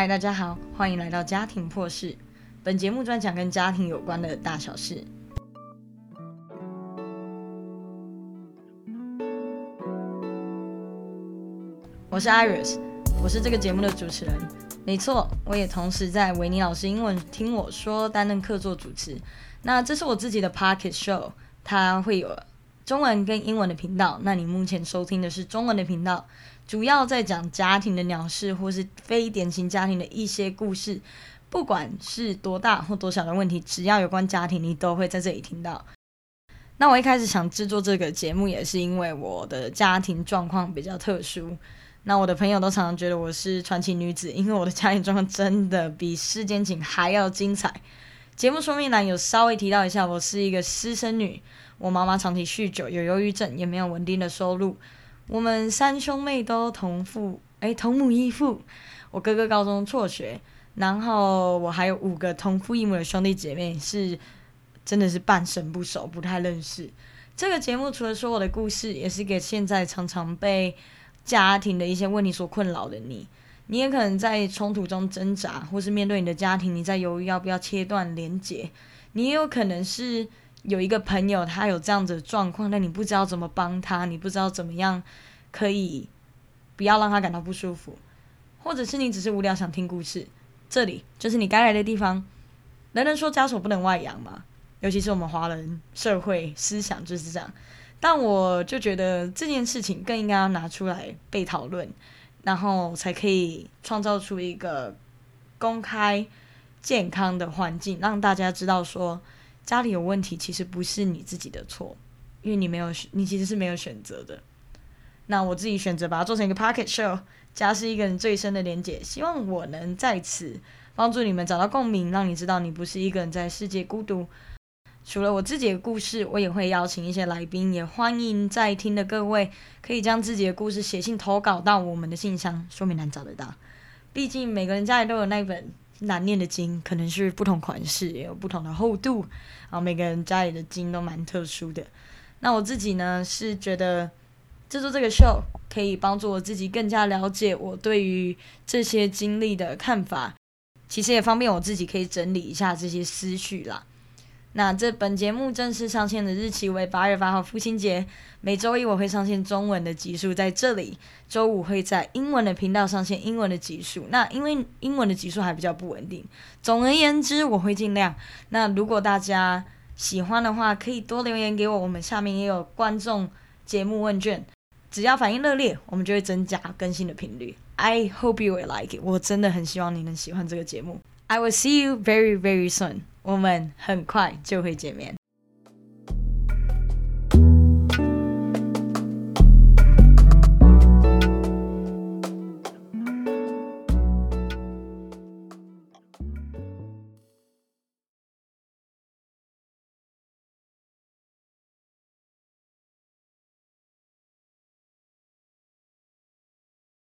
嗨，大家好，歡迎來到家庭破事。本節目專講跟家庭有關的大小事。我是 Iris，我是這個節目的主持人。沒錯，我也同時在維尼老師英文聽我說擔任客座主持。那這是我自己的 pocket show，它會有。中文跟英文的頻道，那你目前收聽的是中文的頻道，主要在講家庭的鳥事，或是非典型家庭的一些故事，不管是多大或多小的問題，只要有關家庭，你都會在這裡聽到。那我一開始想制作這個節目，也是因為我的家庭狀況比較特殊，那我的朋友都常常覺得我是傳奇女子，因為我的家庭狀況真的比世間情還要精彩。節目說明欄有稍微提到一下，我是一個私生女，我媽媽長期酗酒，有憂鬱症，也沒有穩定的收入。我們三兄妹都同父，哎，同母異父。我哥哥高中輟學，然後我還有五個同父異母的兄弟姐妹，是真的是半生不熟，不太認識。這個節目除了說我的故事，也是給現在常常被家庭的一些問題所困擾的你。你也可能在衝突中掙扎，或是面對你的家庭，你在猶豫要不要切斷連結。你也有可能是有一個朋友，他有這樣子的狀況，但你不知道怎麼幫他，你不知道怎麼樣可以不要讓他感到不舒服，或者是你只是無聊想聽故事。這裡就是你該來的地方。人人說家醜不能外揚嘛，尤其是我們華人社會思想就是這樣。但我就覺得這件事情更應該要拿出來被討論。然後才可以創造出一個公開健康的環境，讓大家知道說家裡有問題其實不是你自己的錯，因為你沒有，你其實是沒有選擇的。那我自己選擇把它做成一個 pocket show，家是一個人最深的連接。希望我能在此幫助你們找到共鳴，讓你知道你不是一個人在世界孤獨。除了我自己的故事，我也會邀請一些來賓，也歡迎在聽的各位可以將自己的故事寫信投稿到我們的信箱，說明欄找得到，畢竟每個人家裡都有那本難唸的經，可能是不同款式，也有不同的厚度，然後每個人家裡的經都蠻特殊的。那我自己呢，是覺得製作這個秀可以幫助我自己更加了解我對於這些經歷的看法，其實也方便我自己可以整理一下這些思緒啦。那這本節目正式上線的日期為八月八號，父親節。每周一我會上線中文的集數在這裡，周五會在英文的頻道上線英文的集數。那因為英文的集數還比較不穩定，總而言之我會盡量。那如果大家喜歡的話，可以多留言給我，我們下面也有觀眾節目問卷，只要反應熱烈，我們就會增加更新的頻率。I hope you will like it，我真的很希望你能喜歡這個節目。I will see you very very soon。我們很快就會見面。